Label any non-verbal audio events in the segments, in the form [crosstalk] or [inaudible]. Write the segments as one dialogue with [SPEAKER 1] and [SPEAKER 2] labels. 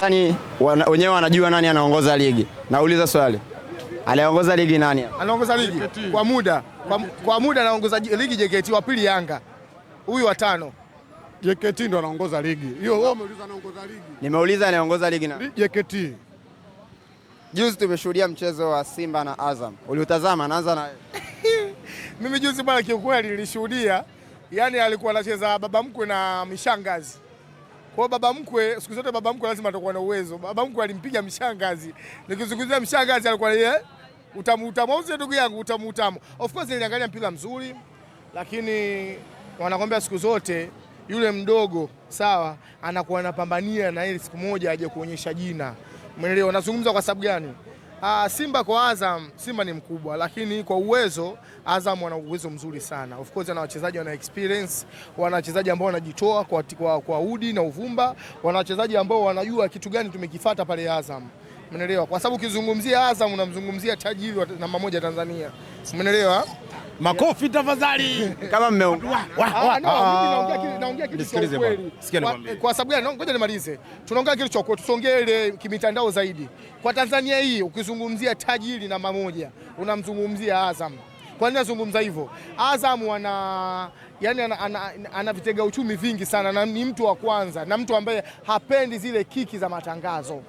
[SPEAKER 1] nadhani wenyewe wanajua nani anaongoza ligi. Nauliza swali, anaongoza ligi nani?
[SPEAKER 2] Anaongoza ligi kwa muda, kwa, kwa muda anaongoza ligi JKT, wa pili Yanga, huyu wa tano
[SPEAKER 3] JKT ndo anaongoza ligi hiyo. Wewe umeuliza anaongoza ligi,
[SPEAKER 1] nimeuliza anaongoza ligi na JKT. Juzi tumeshuhudia mchezo wa Simba na Azam, uliutazama? Naanza na
[SPEAKER 2] [laughs] mimi juzi bana, kiukweli nilishuhudia, yani alikuwa anacheza baba mkwe na mishangazi kwa baba mkwe, siku zote baba mkwe lazima atakuwa na uwezo. Baba mkwe alimpiga mshangazi, nikizungumzia mshangazi alikuwa yeye utamu utamu, au ndugu yangu utamu utamu. Of course niliangalia mpira mzuri, lakini wanakwambia siku zote yule mdogo sawa, anakuwa anapambania na ile siku moja aje kuonyesha jina, umeelewa? Nazungumza kwa sababu gani? Uh, Simba kwa Azam, Simba ni mkubwa, lakini kwa uwezo Azam wana uwezo mzuri sana. Of course wana wachezaji wana experience, wana wachezaji ambao wanajitoa kwa, kwa, kwa udi na uvumba, wana wachezaji ambao wanajua kitu gani tumekifata pale Azam. Umeelewa? Kwa sababu ukizungumzia Azam unamzungumzia tajiri wa namba moja Tanzania. Umeelewa?
[SPEAKER 4] Makofi tafadhali. Kama eh,
[SPEAKER 2] Kwa sababu gani? Ngoja nimalize. Tunaongea kitu cha kweli, tusongee kimitandao zaidi. Kwa Tanzania hii ukizungumzia tajiri namba moja unamzungumzia Azam. Kwa nini nazungumza hivyo? Azam wana yani ana, ana, ana vitega uchumi vingi sana na ni mtu wa kwanza na mtu ambaye hapendi zile kiki za matangazo.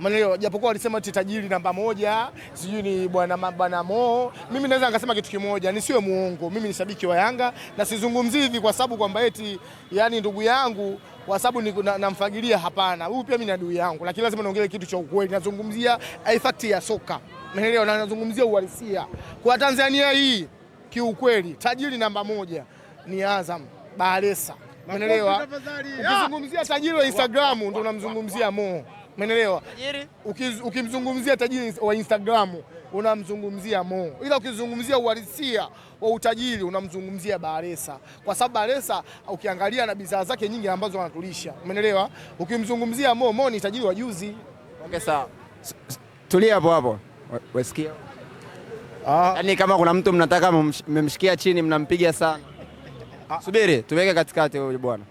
[SPEAKER 2] Mnaelewa, japokuwa walisema eti tajiri namba moja sijui ni bwana bwana Mo, mimi naweza nikasema kitu kimoja, nisiwe muongo. Mimi ni shabiki wa Yanga na sizungumzi hivi kwa sababu kwamba eti yani ndugu yangu kwa sababu namfagilia, hapana. Huyu pia mimi ni adui yangu, lakini lazima niongee kitu cha ukweli. Nazungumzia fact ya soka, mnaelewa, na nazungumzia uhalisia kwa Tanzania hii. Kiukweli tajiri namba moja ni Azam Balesa, mnaelewa. Ukizungumzia tajiri wa Instagram ndio unamzungumzia Mo. Umeelewa? Ukimzungumzia tajiri wa Instagram unamzungumzia Mo, ila ukizungumzia uhalisia wa utajiri unamzungumzia baresa kwa sababu baresa ukiangalia na bidhaa zake nyingi ambazo wanatulisha, umeelewa? Ukimzungumzia Mo, Mo ni tajiri wa juzi.
[SPEAKER 1] Okay, sawa, tulia hapo hapo, wasikia ah. Yaani kama kuna mtu mnataka mmemshikia chini, mnampiga sana. Ah. Subiri tuweke katikati huyo bwana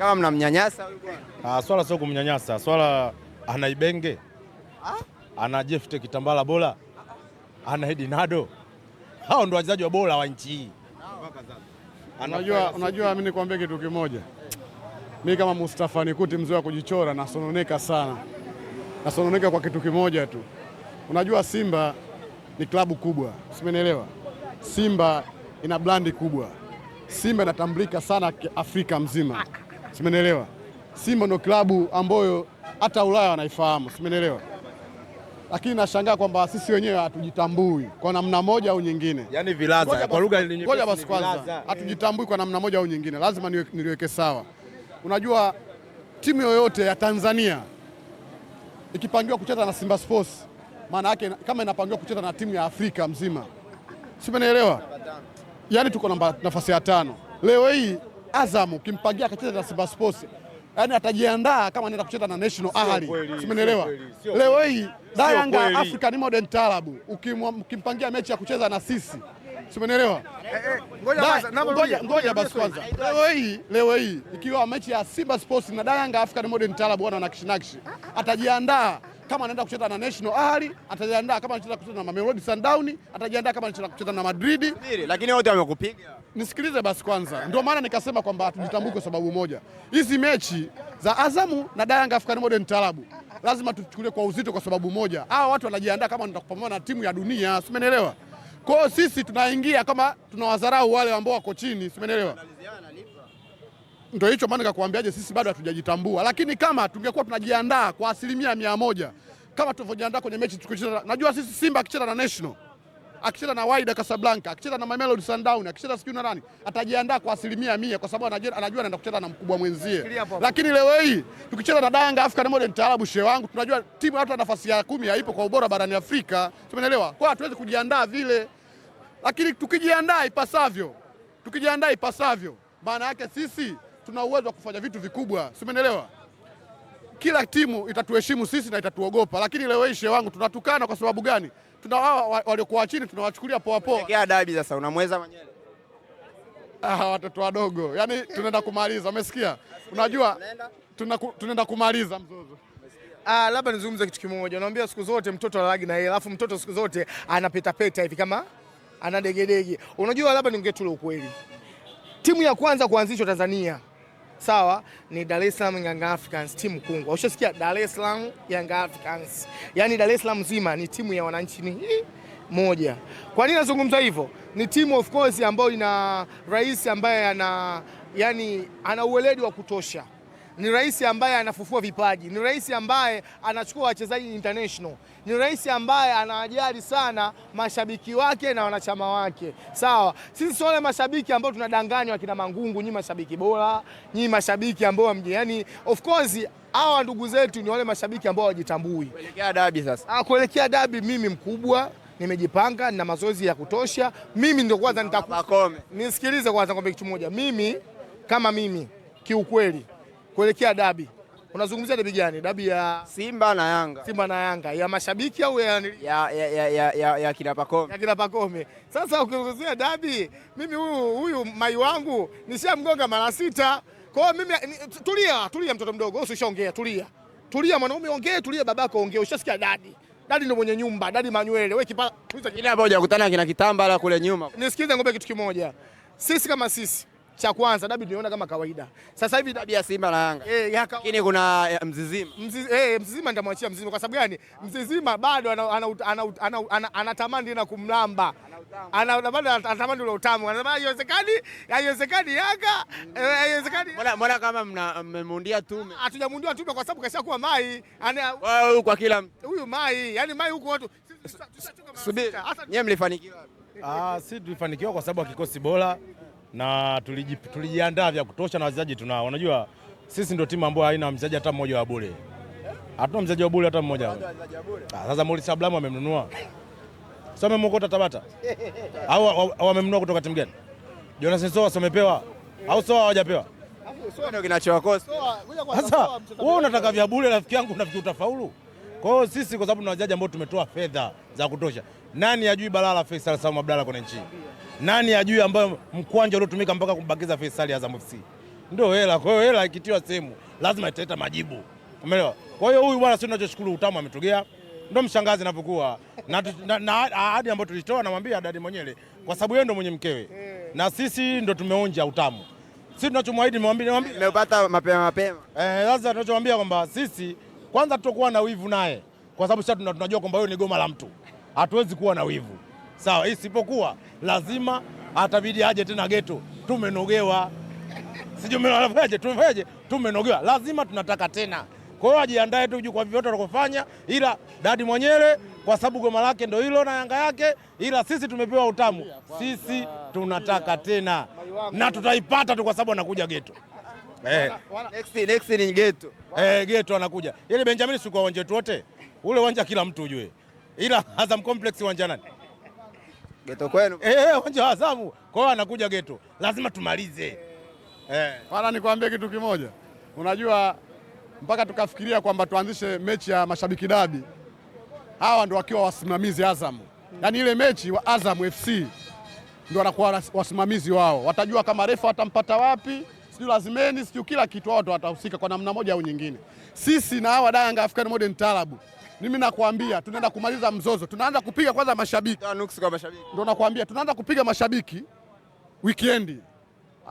[SPEAKER 1] kama mnamnyanyasa huyu bwana?
[SPEAKER 4] Ah, swala sio kumnyanyasa, swala ana Ibenge ah? ana Jefte Kitambala bora ah? ana Edinado, hao ndio wachezaji wa bora wa nchi hii.
[SPEAKER 3] Unajua, unajua mimi nikwambie kitu kimoja, mimi kama Mustafa Nikuti mzee wa kujichora nasononeka sana, nasononeka kwa kitu kimoja tu. Unajua Simba ni klabu kubwa, simenielewa? Simba ina brandi kubwa, Simba inatambulika sana Afrika mzima simenelewa. Simba ndio klabu ambayo hata Ulaya wanaifahamu, simenelewa. Lakini nashangaa kwamba sisi wenyewe hatujitambui kwa namna moja au nyingine,
[SPEAKER 1] yani vilaza kwa lugha
[SPEAKER 3] nyingine. Ngoja basi kwanza, hatujitambui kwa namna moja au nyingine, lazima niliweke sawa. Unajua timu yoyote ya Tanzania ikipangiwa kucheza na Simba Sports, maana yake kama inapangiwa kucheza na timu ya Afrika mzima, simenelewa. Yani tuko namba nafasi ya tano leo hii Azam ukimpangia akacheza na Simba Sports, yaani atajiandaa kama anaenda kucheza na National Ahli, simenielewa? Leo hii da Yanga African Modern Taarab, ukimpangia mechi ya kucheza na sisi, simenielewa? Eh, eh, ngoja basi kwanza, leo hii leo hii ikiwa mechi ya Simba Sports na da Yanga African Modern Taarab, wana nakshinakshi, atajiandaa kama anaenda kucheza na National Ahli, atajiandaa kama anacheza kucheza na Mamelodi Sundowns, atajiandaa kama anacheza kucheza na Madrid, lakini
[SPEAKER 1] wote wamekupiga
[SPEAKER 3] nisikilize basi kwanza. Ndio maana nikasema kwamba hatujitambui kwa sababu moja, hizi mechi za Azamu na Yanga African Modern Club lazima tuchukulie kwa uzito, kwa sababu moja, hawa watu wanajiandaa kama nitakupambana na timu ya dunia, simenelewa. Kwa hiyo sisi tunaingia kama tunawadharau wale ambao wako chini, simenelewa. Ndio hicho maana nikakwambiaje, sisi bado hatujajitambua, lakini kama tungekuwa tunajiandaa kwa asilimia mia moja kama tulivyojiandaa kwenye mechi tukicheza, najua sisi Simba akicheza na National akicheza na Wydad Casablanca, akicheza na Mamelodi Sundowns, akicheza sijui na nani, atajiandaa kwa asilimia mia kwa sababu anajua anaenda kucheza na mkubwa mwenzie. Lakini leo hii tukicheza na Yanga na Modern Taarabu, shehe wangu, tunajua timu hata nafasi ya kumi haipo kwa ubora barani Afrika, tumeelewa. Kwa hatuwezi kujiandaa vile, lakini tukijiandaa ipasavyo, tukijiandaa ipasavyo, maana yake sisi tuna uwezo wa kufanya vitu vikubwa, simenelewa kila timu itatuheshimu sisi na itatuogopa. Lakini leo hii shehe wangu, tunatukana kwa sababu gani? Tuna hawa waliokuwa chini tunawachukulia poa poa. Ya
[SPEAKER 1] dabi sasa, unamweza Manyele.
[SPEAKER 3] Ah, watoto wadogo, yaani tunaenda kumaliza, umesikia? Unajua tunaenda kumaliza mzozo.
[SPEAKER 1] Ah, labda nizungumze kitu kimoja. Unaambia siku zote mtoto alagi na yeye, alafu mtoto siku zote anapetapeta hivi kama anadegedege. Unajua, labda ningetule ukweli, timu ya kwanza kuanzishwa Tanzania sawa, ni Dar es Salaam Young Africans timu kungwa. Ushasikia Dar es Salaam Young Africans, yaani Dar es Salaam nzima ni timu ya wananchi ni moja. Kwa nini nazungumza hivyo? Ni timu of course ambayo ina rais ambaye ana yani ana uweledi wa kutosha ni rais ambaye anafufua vipaji, ni rais ambaye anachukua wachezaji international, ni rais ambaye anawajali sana mashabiki wake na wanachama wake. Sawa, sisi sio wale mashabiki ambao tunadanganywa kina Mangungu, nyinyi mashabiki bora, nyinyi mashabiki ambao mje, yani of course hawa ndugu zetu ni wale mashabiki ambao hawajitambui. Kuelekea dabi sasa, ah, kuelekea dabi, mimi mkubwa nimejipanga na mazoezi ya kutosha. Mimi ndio kwanza nitakuwa, nisikilize kwanza, kwambia kitu moja, mimi kama mimi kiukweli kuelekea dabi. Unazungumzia dabi gani? Dabi ya Simba na Yanga. Simba na Yanga ya mashabiki au ya ya ya ya, ya, ya kinapakome. Ya kinapakome. Sasa ukizungumzia dabi, mimi huyu huyu mai wangu nishamgonga mara sita. Kwa hiyo mimi tulia, tulia mtoto mdogo, usishaongea, tulia. Tulia mwanaume, ongee, tulia babako ongee, ushasikia dadi. Dadi ndio mwenye nyumba, dadi manywele. Wewe kipa, tuliza kile hapo hujakutana kina kitamba la kule nyuma. Nisikize ngombe kitu kimoja. Sisi kama sisi cha kwanza dabi tunaona kama kawaida. Sasa hivi dabi ya Simba na Yanga. Eh, ya lakini kuna Mzizima. Mzizi, eh, Mzizima nitamwachia Mzizima kwa sababu gani? Mzizima bado anatamani na kumlamba. Ana bado anatamani ule utamu. Anasema haiwezekani, haiwezekani Yanga, haiwezekani. Mbona mbona kama mmemundia tume? Hatujamundia tume kwa sababu kashakuwa mai. Huyu kwa kila Huyu mai, yani mai huko watu. Subiri. Nyewe mlifanikiwa.
[SPEAKER 4] Ah, si tulifanikiwa kwa sababu ya kikosi bora na tulijiandaa vya kutosha na wachezaji tunao. Unajua sisi ndio timu ambayo haina mchezaji hata mmoja wa bure, hatuna mchezaji wa bure hata mmoja. Ah, sasa Morris Abraham amemnunua sio, amemwokota Tabata [laughs] au wamemnunua kutoka timu gani? Jonas Soa wamepewa au sio hawajapewa?
[SPEAKER 1] Sasa wewe unataka vya bure, rafiki yangu, unafikiri utafaulu? Kwa hiyo sisi, kwa sababu na wachezaji ambao tumetoa fedha za kutosha nani ajui balaa la Faisal Salum Abdalla kwenye nchi? Nani ajui ambayo mkwanja uliotumika mpaka kumbakiza Faisal Azam FC? Ndio hela. Kwa hiyo hela ikitiwa sehemu lazima italeta majibu, umeelewa? Kwa hiyo huyu bwana, sio tunachoshukuru, utamu ametugea, ndio mshangazi inapokuwa na, na, na ahadi ambayo tulitoa, namwambia dadi mwenyewe, kwa sababu yeye ndio mwenye mkewe na sisi ndio tumeonja utamu. Sisi tunachomwahidi nimepata mapema mapema. Eh, sasa tunachomwambia kwamba sisi kwanza tutakuwa na wivu naye, kwa sababu sasa tunajua kwamba huyo ni goma la mtu hatuwezi kuwa na wivu sawa, isipokuwa lazima atabidi aje tena geto, tumenogewa sijuaje, tumefanyaje, tumenogewa, lazima tunataka tena. Kwa hiyo ajiandae tu kwa vyovyote atakofanya, ila dadi mwenyewe kwa sababu goma lake ndio hilo na Yanga yake, ila sisi tumepewa utamu, sisi tunataka tena na tutaipata tu kwa sababu anakuja geto. Eh, next next ni geto eh, geto anakuja ile yaani Benjamin, siku kwa uwanja wetu wote ule uwanja, kila mtu ujue ila Azam Complex uwanja nani? Geto kwenu. Eh, eh, uwanja wa Azam. Kwa hiyo anakuja geto, lazima tumalize. Eh. Bana nikwambie kitu kimoja, unajua mpaka tukafikiria kwamba tuanzishe mechi ya mashabiki dabi, hawa ndo wakiwa wasimamizi Azamu, yaani ile mechi wa Azamu FC ndo wanakuwa wasimamizi wao, watajua kama refa watampata wapi, sijui lazimeni, sio kila kitu, wao watahusika kwa namna moja au nyingine. Sisi na hawa Yanga African Modern Taarabu mimi nakwambia tunaenda kumaliza mzozo, tunaanza kupiga kwanza mashabiki. Ndio nakwambia tunaanza kupiga mashabiki weekend.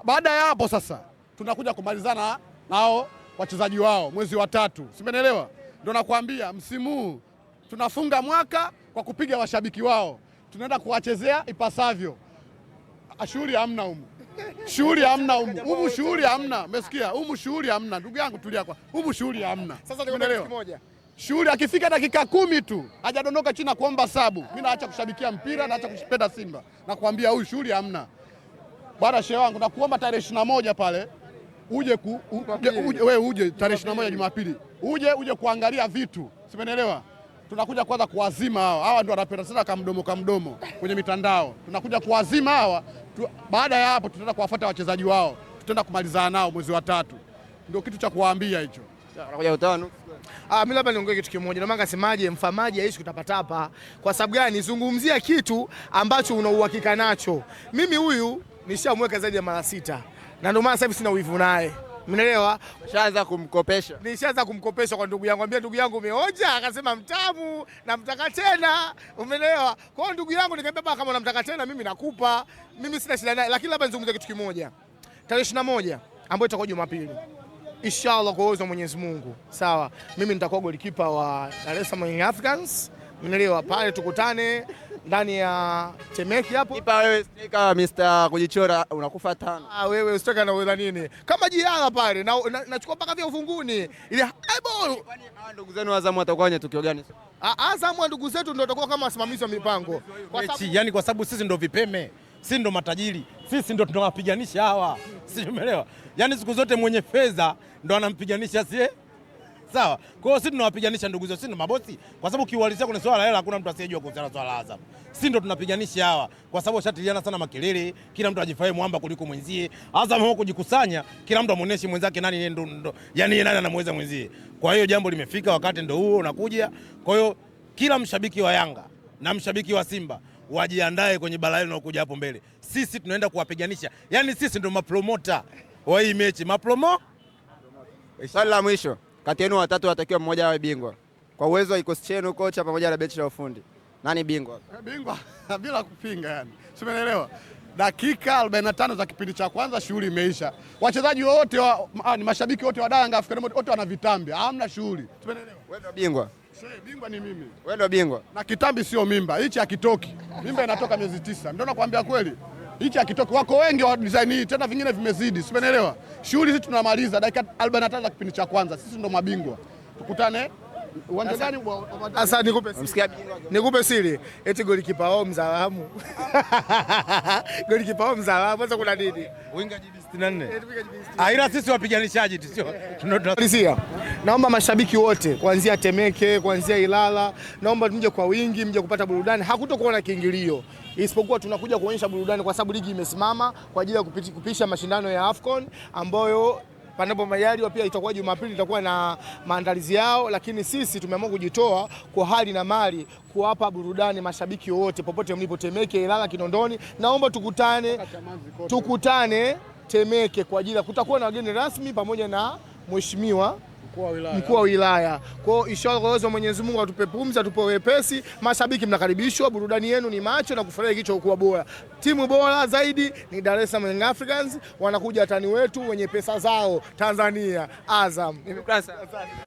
[SPEAKER 1] Baada ya hapo sasa tunakuja kumalizana nao wachezaji wao mwezi wa tatu, simenelewa? Ndio nakwambia msimu huu tunafunga mwaka kwa kupiga washabiki wao, tunaenda kuwachezea ipasavyo. Shughuli hamna humu, shughuli hamna humu, humu shughuli hamna. Umesikia? Humu shughuli hamna, ndugu yangu, tulia kwa humu shughuli hamna. Sasa tunaelewa shughuli akifika dakika kumi tu hajadondoka chini na kuomba sabu, mimi naacha kushabikia mpira, naacha kupenda Simba Nakwambia huyu shughuli hamna. Bwana shehe wangu, nakuomba tarehe ishirini na moja pale uje ku, uje, uje, uje, uje tarehe ishirini na moja Jumapili uje uje kuangalia vitu, simenelewa. Tunakuja kwanza kuwazima hawa hawa, ndio wanapenda sana kama mdomo kama mdomo kwenye mitandao. Tunakuja kuwazima hawa tu, baada ya hapo tutaenda kuwafuata wachezaji wao, tutaenda kumalizana nao mwezi wa tatu, ndio kitu cha kuwaambia hicho. Wanakuja utano Ah, mimi labda niongee kitu kimoja. Ndio maana nasemaje mfamaji aishi hapa. Kwa sababu gani? Zungumzia kitu ambacho una uhakika nacho. Mimi huyu nishamweka zaidi ya mara sita. Na ndio maana sasa hivi sina wivu naye. Mnaelewa? Nishaanza kumkopesha. Nishaanza kumkopesha kwa ndugu yangu. Ambia ndugu yangu umeoja, akasema mtamu, namtaka tena. Umeelewa? Kwa hiyo ndugu yangu nikamwambia baba, kama unamtaka tena mimi nakupa. Mimi sina shida naye, lakini labda nizungumzie kitu kimoja. Tarehe 21 ambayo itakuwa Jumapili inshallah kwa uwezo wa Mwenyezi Mungu. Sawa, mimi nitakuwa golikipa wa Dar es Salaam Africans, Mnielewa pale, tukutane ndani ya Temeke hapo. Kipa wewe striker Mr. kujichora unakufa tano. Ah, wewe usitaka na wewe nini? Kama jiala pale na nachukua mpaka vya ufunguni. Ile eh, ball. Kwani ndugu zenu Azamu watakuwa kwenye tukio gani? Ah, Azamu ndugu zetu ndio watakuwa kama wasimamizi wa mipango. Kwa sababu yani, kwa sababu sisi ndio vipeme si ndo matajiri, sisi ndo tunawapiganisha hawa, si umeelewa? Yaani siku zote mwenye fedha ndo anampiganisha sie, sawa? Kwa hiyo sisi tunawapiganisha ndugu zetu, sisi ndo mabosi, kwa sababu kiuhalisia kuna swala la hela, hakuna mtu asiyejua kuhusiana swala la Azam. Sisi ndo tunapiganisha hawa, kwa sababu shatiliana sana makelele, kila mtu ajifae mwamba kuliko mwenzie. Azam huko kujikusanya, kila mtu amuoneshe mwenzake nani ndo, ndo yani yeye nani anamweza mwenzie. Kwa hiyo jambo limefika, wakati ndo huo unakuja. Kwa hiyo kila mshabiki wa Yanga na mshabiki wa Simba wajiandae kwenye bara hili linalokuja hapo mbele. Sisi tunaenda kuwapiganisha, yaani sisi ndio mapromota wa hii mechi, mapromo. Swali la mwisho, kati yenu watatu watakiwa mmoja awe bingwa kwa uwezo wa kikosi chenu, kocha pamoja na benchi la ufundi, nani bingwa? Bingwa [laughs] bila kupinga, yani simeelewa dakika 45 za kipindi cha kwanza shughuli imeisha. Wachezaji wote wa, ah, ni mashabiki wote wa Yanga African wote wana vitambi, hamna shughuli. Tumeelewa? Wewe ndio bingwa. Sasa bingwa ni mimi. Wewe ndio bingwa. Na kitambi sio mimba. Hichi hakitoki. Mimba inatoka miezi tisa. Ndio nakwambia kweli. Hichi hakitoki. Wako wengi wa design hii tena vingine vimezidi. Simenelewa. Shughuli sisi tunamaliza dakika 45 za kipindi cha kwanza. Sisi ndo mabingwa. Tukutane Uwanja gani? Sasa nikupe siri. Nikupe siri. Eti golikipa wao mzalamu. [laughs] Golikipa wao mzalamu. Sasa kuna nini? Winga 64. Ah, ila sisi wapiganishaji tu sio. Naomba mashabiki wote kuanzia Temeke, kuanzia Ilala, naomba mje kwa wingi, mje kupata burudani. Hakutokuwa na kiingilio. Isipokuwa tunakuja kuonyesha burudani kwa sababu ligi imesimama kwa ajili ya kupisha mashindano ya AFCON ambayo Panapo majaliwa pia itakuwa Jumapili itakuwa na maandalizi yao, lakini sisi tumeamua kujitoa kwa hali na mali kuwapa burudani mashabiki wote popote mlipo Temeke, Ilala, Kinondoni. Naomba tukutane, tukutane Temeke kwa ajili ya kutakuwa na wageni rasmi pamoja na mheshimiwa mkuu wa wilaya. Kwa hiyo inshallah, kwa uwezo wa Mwenyezi Mungu atupe pumzi, atupe wepesi. Mashabiki mnakaribishwa, burudani yenu ni macho na kicho kilichokuwa bora. Timu bora zaidi ni Dar es Salaam Young Africans, wanakuja watani wetu wenye pesa zao Tanzania, Azam.